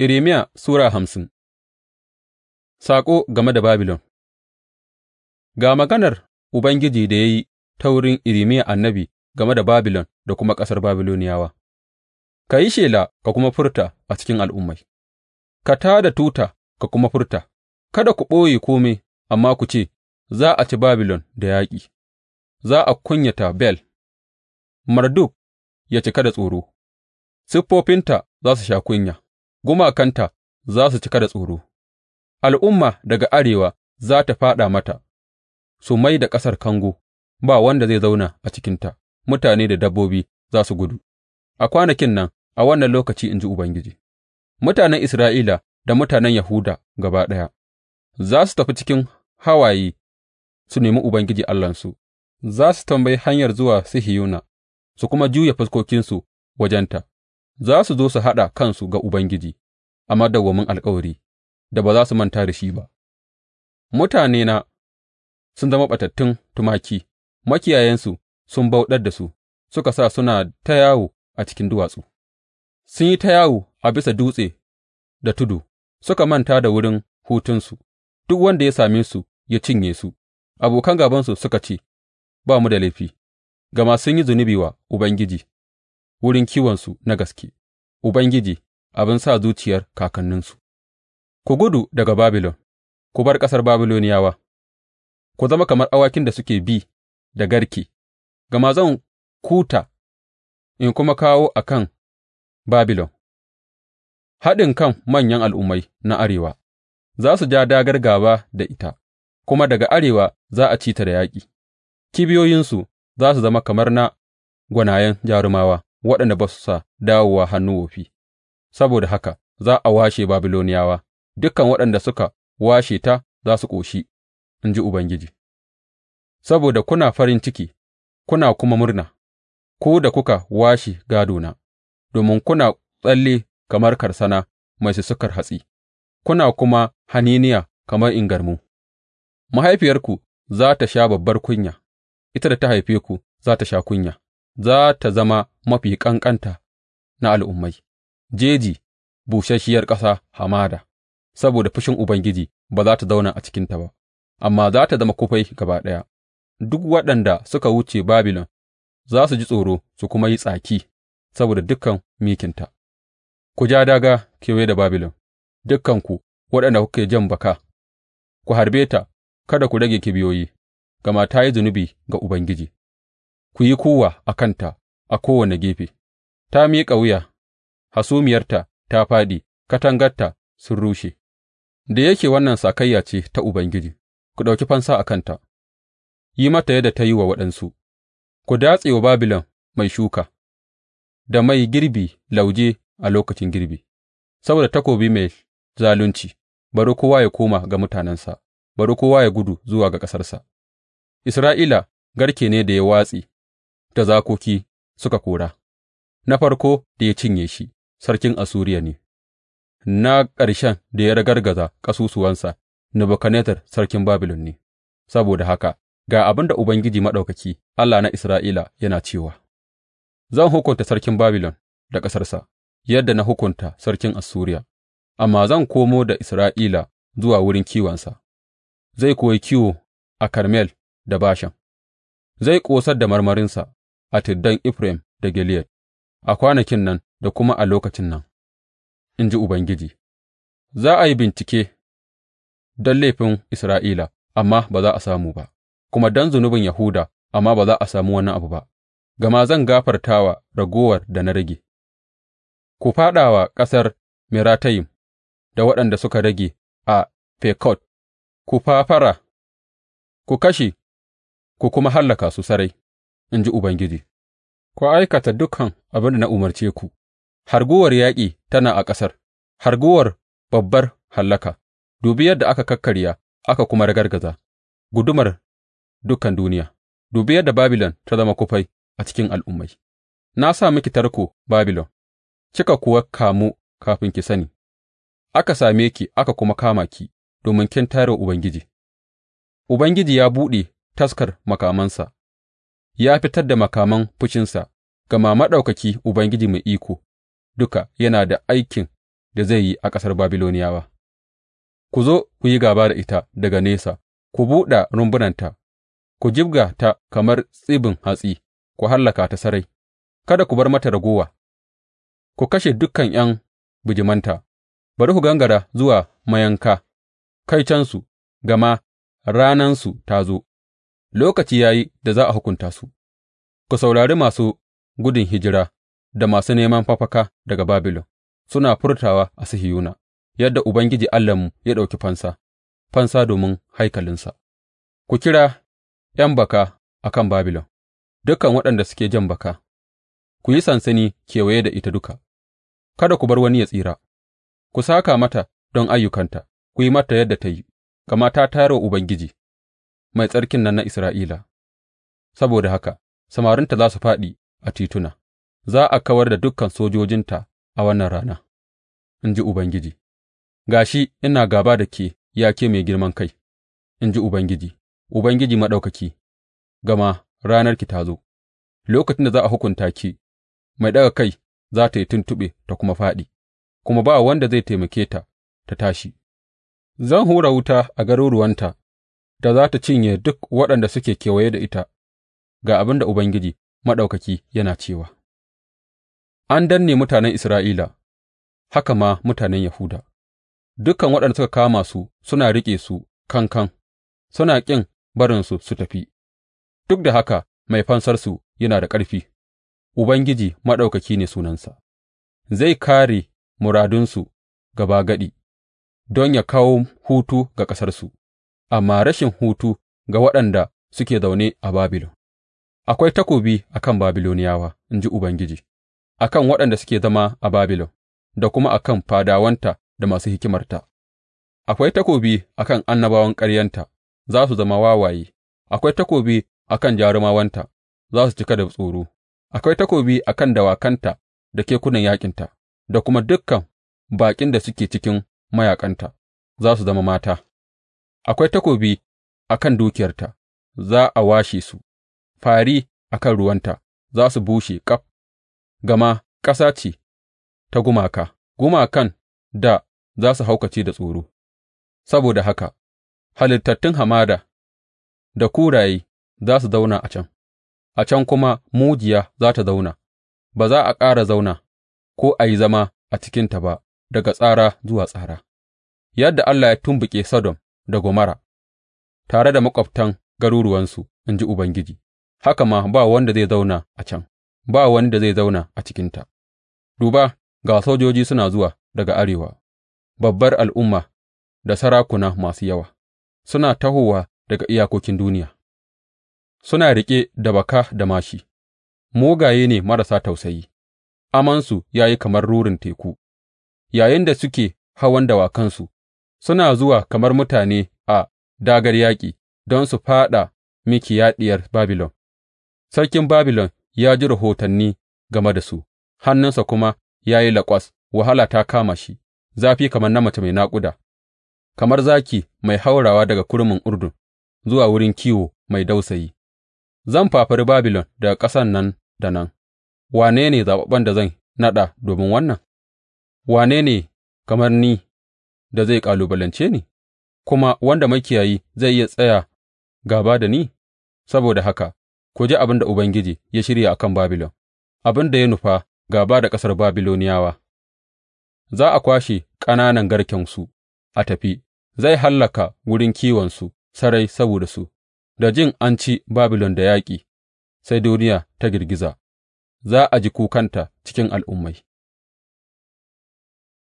Irimiya Sura hamsin Saƙo game da Babilon Ga maganar Ubangiji da ya yi ta wurin Irmiya annabi game da Babilon da kuma ƙasar Babiloniyawa, Ka yi shela ka kuma furta a cikin al'ummai, ka tā da tuta ka kuma furta, kada ku ɓoye kome, amma ku ce, Za a ci Babilon da yaƙi, za a kunyata Bel, Marduk ya cika da tsoro, siffofinta za su sha kunya. gumakanta za su cika da tsoro, al'umma daga arewa za tă fāɗa mata, su mai da ƙasar kango, ba wanda zai zauna a cikinta, mutane da dabbobi za su gudu. A kwanakin nan, a wannan lokaci in ji Ubangiji, mutanen Isra'ila da mutanen Yahuda gaba ɗaya za su tafi cikin hawaye su nemi Ubangiji Allahnsu, za su tambayi hanyar zuwa Sihiyuna. su kuma juya fuskokinsu wajenta. za su zo su haɗa kansu ga Ubangiji a madawwamin alkawari da ba za su manta da shi ba, mutanena sun zama ɓatattun tumaki, makiyayensu sun bauɗar da su, suka sa suna ta yawo a cikin duwatsu, sun yi ta yawo a bisa dutse da tudu, suka manta da wurin hutunsu, duk wanda ya same su ya cinye su, abokan gabansu suka ce, Ba mu da laifi, gama sun yi zunubi wa Ubangiji. wurin kiwonsu na gaske, Ubangiji, abin sa zuciyar kakanninsu. Ku gudu daga Babilon, ku bar ƙasar Babiloniyawa, ku zama kamar awakin da suke bi da garke, gama zan kuta in kuma kawo a kan Babilon haɗin kan manyan al'ummai na arewa, za su ja dagar gaba da ita, kuma daga arewa za a ci ta da yaƙi, kibiyoyinsu za su zama kamar na gwanayen jarumawa, waɗanda ba su sa dawowa hannu wofi, saboda haka za a washe Babiloniyawa, dukan waɗanda suka washe ta za su ƙoshi, in ji Ubangiji, saboda kuna farin ciki, kuna kuma murna, ku da kuka washe gādona, domin kuna tsalle kamar karsana mai susukar hatsi, kuna kuma haniniya kamar ingarmu. Mahaifiyarku za tă sha babbar kunya, ita da ta haife ku za ta sha kunya. za tă zama mafi ƙanƙanta na al'ummai, jeji, busasshiyar ƙasa hamada, saboda fushin Ubangiji ba za ta zauna a cikinta ba, amma za tă zama kufai gaba ɗaya. Duk waɗanda suka wuce Babilon za su ji tsoro su kuma yi tsaki saboda dukan mikinta. Ku ja daga kewaye da Babilon, dukanku waɗanda kuke jan baka, ku harbe ta, kada ku rage kibiyoyi, gama ta yi zunubi ga Ubangiji. ku yi kuwwa a kanta a kowane gefe, ta miƙa wuya, hasumiyarta ta fāɗi, katangarta sun rushe, da yake wannan sakayya ce ta Ubangiji, ku ɗauki fansa a kanta, yi mata yadda ta yi wa waɗansu, ku datse wa Babilon mai shuka, da mai girbi lauje a lokacin girbi, saboda takobi mai zalunci, bari kowa ya koma ga mutanensa, bari kowa ya gudu zuwa ga ƙasarsa. Isra'ila garke ne da ya watse da zakoki suka kora, na farko da ya cinye shi sarkin Assuriya ne, na ƙarshen da ya ragargaza ƙasusuwansa Nebuchadnezzar sarkin Babilon ne, saboda haka ga abin da Ubangiji Maɗaukaki, Allah na Isra'ila yana cewa, Zan hukunta sarkin Babilon da ƙasarsa, yadda na hukunta sarkin Assuriya, amma zan komo da Isra'ila zuwa wurin kiwonsa, zai koyi kiwo a Karmel da Bashan, zai ƙosar da marmarinsa a tuddan Efraim da Gileyad a kwanakin nan da kuma a lokacin nan, in ji Ubangiji, za a yi bincike don laifin Isra'ila, amma ba za a samu ba, kuma don zunubin Yahuda, amma ba za a samu wani abu ba, gama zan gafarta wa ragowar da na rage. Ku fāɗa wa ƙasar Meratayim da waɗanda suka rage a Fekot, ku fafara, ku kashe, ku kuma hallaka su sarai. in ji Ubangiji, ku aikata dukan abin da na umarce ku, harguwar yaƙi tana a ƙasar, harguwar babbar hallaka, dubi yadda aka kakkarya aka kuma ragargaza, gudumar dukan duniya, dubi yadda Babilon ta zama kufai a cikin al'ummai. Na sa miki tarko Babilon, kika kuwa kamu kafin ki sani, aka same ki aka kuma kama ki domin kin tayar Ubangiji. Ubangiji ya buɗe taskar makamansa ya fitar da makaman fushinsa, gama Maɗaukaki Ubangiji Mai Iko Duka yana da aikin da zai yi a ƙasar Babiloniyawa. Ku zo ku yi gāba da ita daga nesa, ku buɗe rumbunanta, ku jibga ta kamar tsibin hatsi, ku hallaka ta sarai, kada ku bar mata ragowa, ku kashe dukan ’yan bijimanta, bari ku gangara zuwa mayanka, kaitonsu, gama ranansu ta zo, Lokaci ya yi da za a hukunta su; ku saurari masu gudun hijira da masu neman fafaka daga Babilon suna furtawa a Sihiyuna, yadda Ubangiji Allahnmu ya ɗauki fansa, fansa domin haikalinsa, ku kira ’yan baka a kan Babilon, dukan waɗanda suke jan baka, ku yi sansani kewaye da ita duka, kada ku bar wani ya tsira, ku saka mata don ayyukanta, ku yi mata yadda ta yi, gama ta tayar wa Ubangiji. Mai Tsarkin nan na Isra'ila, saboda haka samarinta za su fāɗi a tituna, za a kawar da dukan sojojinta a wannan rana, in ji Ubangiji, ga shi ina gāba da ke, yake mai girman kai, in ji Ubangiji, Ubangiji Maɗaukaki, gama ranarki ta zo, lokacin da za a hukunta ki, mai ɗaga kai za ta yi tuntuɓe ta kuma fāɗi, kuma ba wanda zai taimake ta ta tashi. Zan hura wuta a garuruwanta da za tă cinye duk waɗanda suke kewaye da ita, ga abin da Ubangiji Maɗaukaki yana cewa, An danne mutanen Isra'ila, haka ma mutanen Yahuda, dukan waɗanda suka kama su suna riƙe su kankan, suna ƙin barinsu su tafi, duk da haka mai fansarsu yana da ƙarfi, Ubangiji Maɗaukaki ne sunansa, zai kare muradunsu gaba gadi. don ya kawo hutu ga ƙasarsu. amma rashin hutu ga waɗanda suke zaune a Babilon Akwai takobi a kan Babiloniyawa, in ji Ubangiji, a kan waɗanda suke zama a Babilon da kuma a kan fadawanta da masu hikimarta; akwai takobi a kan annabawan ƙaryanta, za su zama wawaye; akwai takobi a kan jarumawanta, za su cika da tsoro; akwai takobi a kan dawakanta da kekunan yaƙinta, da kuma dukkan baƙin da suke cikin mayaƙanta, za su zama mata. akwai takobi a kan dukiyarta, za a washe su, Fari a kan ruwanta za su bushe ƙaf, gama ƙasa ce ta gumaka, gumakan da za su haukace da tsoro, saboda haka halittattun hamada da kuraye za su zauna a can, a can kuma mujiya za ta zauna, ba za a ƙara zauna ko a yi zama a cikinta ba daga tsara zuwa tsara, yadda Allah ya tumɓuke Sodom da gomara tare da maƙwabtan garuruwansu, in ji Ubangiji, haka ma ba wanda zai zauna a can, ba wanda zai zauna a cikinta. Duba, ga sojoji suna zuwa daga arewa, babbar al'umma da sarakuna masu yawa, suna tahowa daga iyakokin duniya, suna riƙe da baka da mashi. mugaye ne marasa tausayi, amansu ya yi kamar rurin teku, Yayin da suke hawan dawakansu suna zuwa kamar mutane a dāgār yaƙi don su fāɗa miki, ya Babilon; sarkin Babilon ya ji rahotanni game da su, hannunsa kuma ya yi laƙwas, wahala ta kama shi, zafi kamar na mace mai naƙuda, kamar zaki mai haurawa daga kurmin Urdun zuwa wurin kiwo mai dausayi. Zan fafari Babilon daga ƙasan nan da nan, wane ne zaɓaɓɓen da zan naɗa domin wannan? Wane ne kamar ni da zai kalubalance ni, kuma wanda makiyayi zai iya tsaya gāba da ni? Saboda haka, ku ji abin da Ubangiji ya shirya a kan Babilon, abin da ya nufa gāba da ƙasar Babiloniyawa. Za a kwashe ƙananan garkensu a tafi, zai hallaka wurin kiwonsu sarai saboda su, da jin an ci Babilon da yaƙi, sai duniya ta girgiza, za a ji kukanta cikin al'ummai.